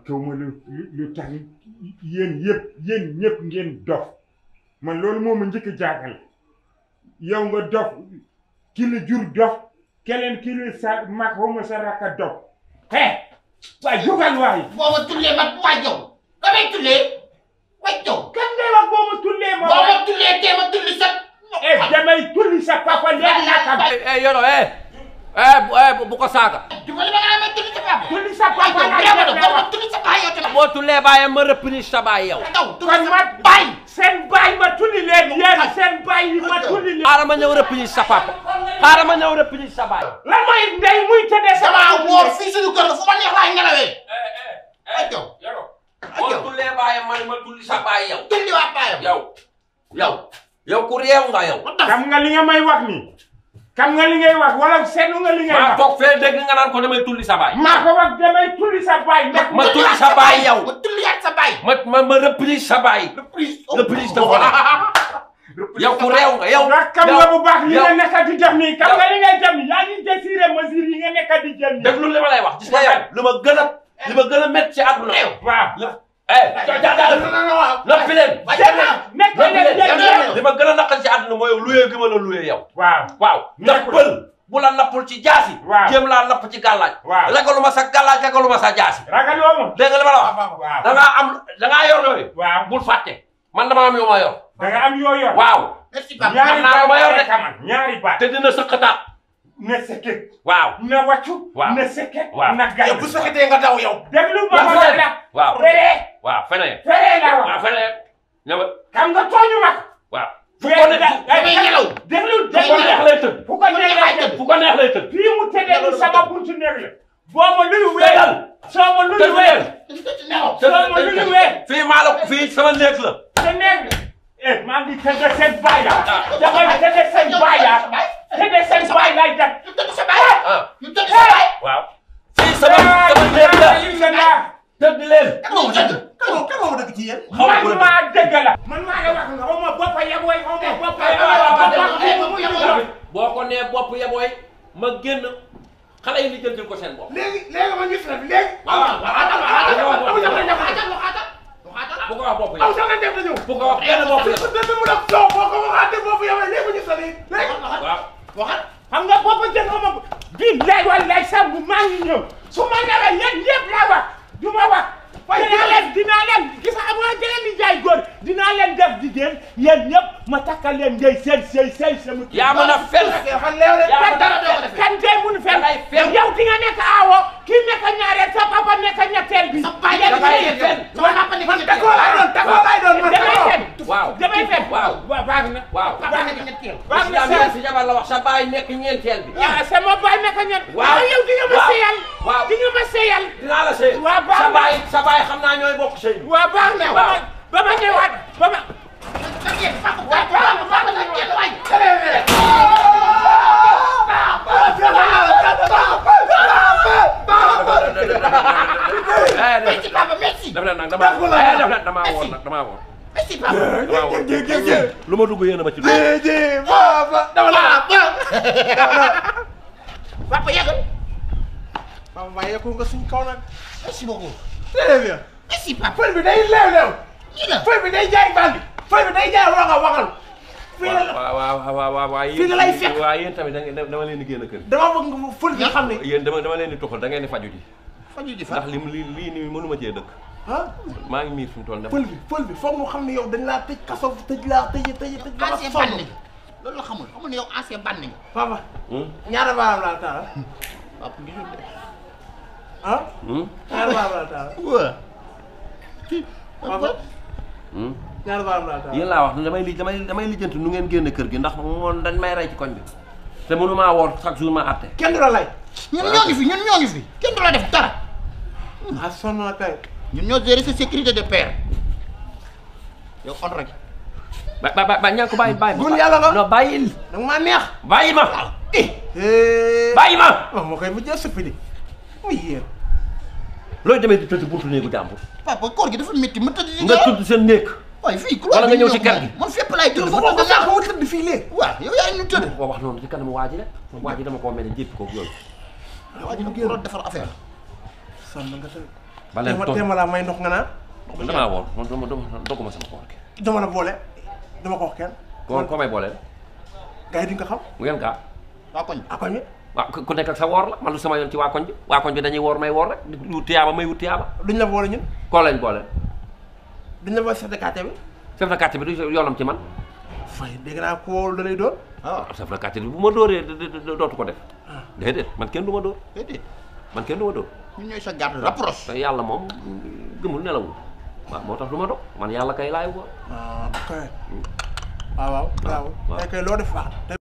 man tawma lu lu tax yéen yëpp yéen ñëpp ngeen dof man loolu moo ma njëkk a jaaxal yow nga dof ki jur dof keneen ki la sa mag xaw ma sa rakk dof he waaye jógal waaye booba tullee ma waay jow damay tullee waay jow kan ngay wax booba tullee ma booba tullee tee ma tulli sa eh damay tulli sa papa léegi laa kam eh, eh yoro eh eh bu eh, ko saaga tulli sa baay yow réew na war tulli sa baay yow tamit. boo tullee baayam ma reprise sa baay yow. kon ma baay. seen baay ma tulli leen yéen seen baay yi ma tulli leen. xaaral ma ñëw reprise sa papa xaaral ma ñëw reprise sa baay. lan mooy ndey muy tëddee sa baay. damaa wóor fii suñu kër fu ma neex laay ngelawee. Eh, eh, eh, ak yow boo tullee baayam ma ma tulli sa baay yow. tulli waat baayam yow yow yow ku réew nga yow. xam nga li nga may wax nii. xam nga li ngay wala seetlu nga li ngay wax. maa toog fee dégg nga naan ko damay tulli sa baay. maa ko wax damay tulli sa baay. ma tulli sa baay yow ma tulliwaat sa baay. ma ma ma reprise sa baay. reprise reprise dafa oh. yow ku réew yaw yow. xam nga bu baax li nga nekk di def nii xam nga li ngay def nii yaa ngi désiré mesure yi nga nekk di jël nii. déglu li ma lay wax gis nga yow lu ma gën a ma gën a métti ci àdduna yow. waaw la eh. jaajëf la pileen. tànn mooy luyee gi ma la luyee yow. waaw waaw ndax pël. bu la nappul ci jaasi. waaw jéem laa napp ci gàllaaj. waaw ragaluma sa gàllaaj ragaluma sa jaasi. ragaluma moom dégg nga li ma la wax. da ngaa am da ngaa yor yooyu. waaw bul fàtte man dama am yoo ma yor. da nga am yoo yor. waaw. ñaari baat ñaari baat te dina sëqataat. na sëkkee. waaw na wàccu. waaw na sëkkee. waaw na gàllankoor bu sëkkatee nga daw yow. déglu ma ma la waaw feneen. waaw feneen. feneen la waaw feneen. xam nga tooñu ma. waaw. fu ko ne da day nelaw déglu déglu fu ko neex lay tëdd fu ko neex lay tëdd fii mu tëddee ni sama buntu néeg la boo ma luy wéyal soo ma luy wéyal soo ma luy wéyal fii maa la fii sama néeg la sa néeg la eh maa ngi tëdd seen baay la xawma bopp yabooy xawma bopp yabooy boo ko nee bopp yabooy ma génn xale yi ni jël jël ko seen bopp léegi léegi ma gis la fi léegi waaw bu ko wax bopp yi aw sax def na ñëw bu ko wax benn bopp yi mu def soo boo ko waxaatee bopp yow léegi ma gis la léegi waaw waxat xam nga bopp jël xawma bii laaj wala laaj sax bu maa ngi ñëw su ma ñara yéen yëpp laa wax leen yéen ñëpp ma takkal leen ngay seen seen seen sama. yaa mën a fen yaa mën a fen kan tey mun fen yow di nga nekk aawo kii nekk ñaareel sa papa nekk ñetteel bi. sa papa nekk fen man man dakoo laay doon dakoo laay doon man damay fen. waaw damay fen waaw waaw baax na. waaw baax na baax na sa si jabar la wax sa baay nekk ñeenteel bi. sama baay nekk ñeent. waaw ah, yow di nga ma seeyal. waaw di nga ma seeyal. dinaa la seeyal. waaw baax na sa baay sa baay xam naa ñooy bokk sëy. waaw baax na waaw ba ma ñëwaat ba ma. lu ma dugg yéen a ma ci dugg. jërëjëf papa. dama la papa. papa yeggal. papa waaye yeggul nga suñ kaw nag. merci beaucoup. très bien. merci papa. fël bi day leew leew. fël bi day jaay bandi. fay bi day jaay waxal waxal. fii la waaw waaw waaw waaw waaw fii la lay fekk waaw yéen tamit da ngeen dama leen di génn kër. dama bëgg nga fël nga xam ne. yéen dama dama leen di toxal da ngeen di faju ji. faju ji ndax li li lii nii mënu ma cee dëkk. ah maa ngi miir fi mu toll nii. fël bi fël bi foog mu xam ne yow dañ laa tëj kaso tëj laa tëj tëj tëj. dama sonn loolu la xamul xamul ne yow ancien bànn nga. papa. Hmm? ñaara baaraam laa taal. papa gisul de. ah. Hmm? ñaara baaraam laa taal. waaw. papa. Hmm? ñaar baaraam laa taal yéen laa wax ne damay li damay damay lijjanti nu ngeen génne kër gi ndax moom dañ may rey ci koñ bi te mënu maa woor chaque jour ma àtte. kenn du la lay. ñun ñoo ngi fi ñun ñoo ngi fi kenn du la def dara. ah sonn na tey. ñun ñoo gérer sa sécurité de père yow on rek. ba ba ba ñaan ko bàyyi bàyyi. gun yàlla la non bàyyil. da nga maa neex. bàyyi ma. Eh. Eh. bàyyi ma. waaw oh, moo koy mujjee suppi di muy yéen. looy demee di tëdd buntu néegu jàmbur. papa koor gi dafa métti ma tëdd. nga tudd seen néeg. waaye fii ku la ñëw ci kër gi man fépp laay tëdd foofu nga laax ma ci kanam waa ji la waa dama koo mel ne jépp ko yooyu waa ji ko defar affaire sànn nga tëdd ba leen ma laa may ndox nga naan damaa woor man dogguma sama koor gi dama la boole dama ko wax kenn ko ko may boole gars yi duñ ko xam mu ngeen kaa waa koñ waa koñ ku nekk ak sa woor la man lu sama yoon ci waa koñ bi waa koñ bi dañuy woor may woor rek wut tiyaaba may wut tiyaaba duñ la boole ñun koo leen boole duñ la mooy chef de quartier bi. chef bi du yoonam ci man. fay dégg naa ku wowul da lay doon. ah, ah bi bu ma dóoree dootu ko def. Ah. déedéet man kenn du ma dóor. déedéet man kenn du ma dóor. ñun ñooy sa garde rapproche. te yàlla moom gëmul nelawul waaw moo tax du ma dog man yàlla kay laayu ko. ah ok. Hmm. Ah, waaw waaw waaw kay loo def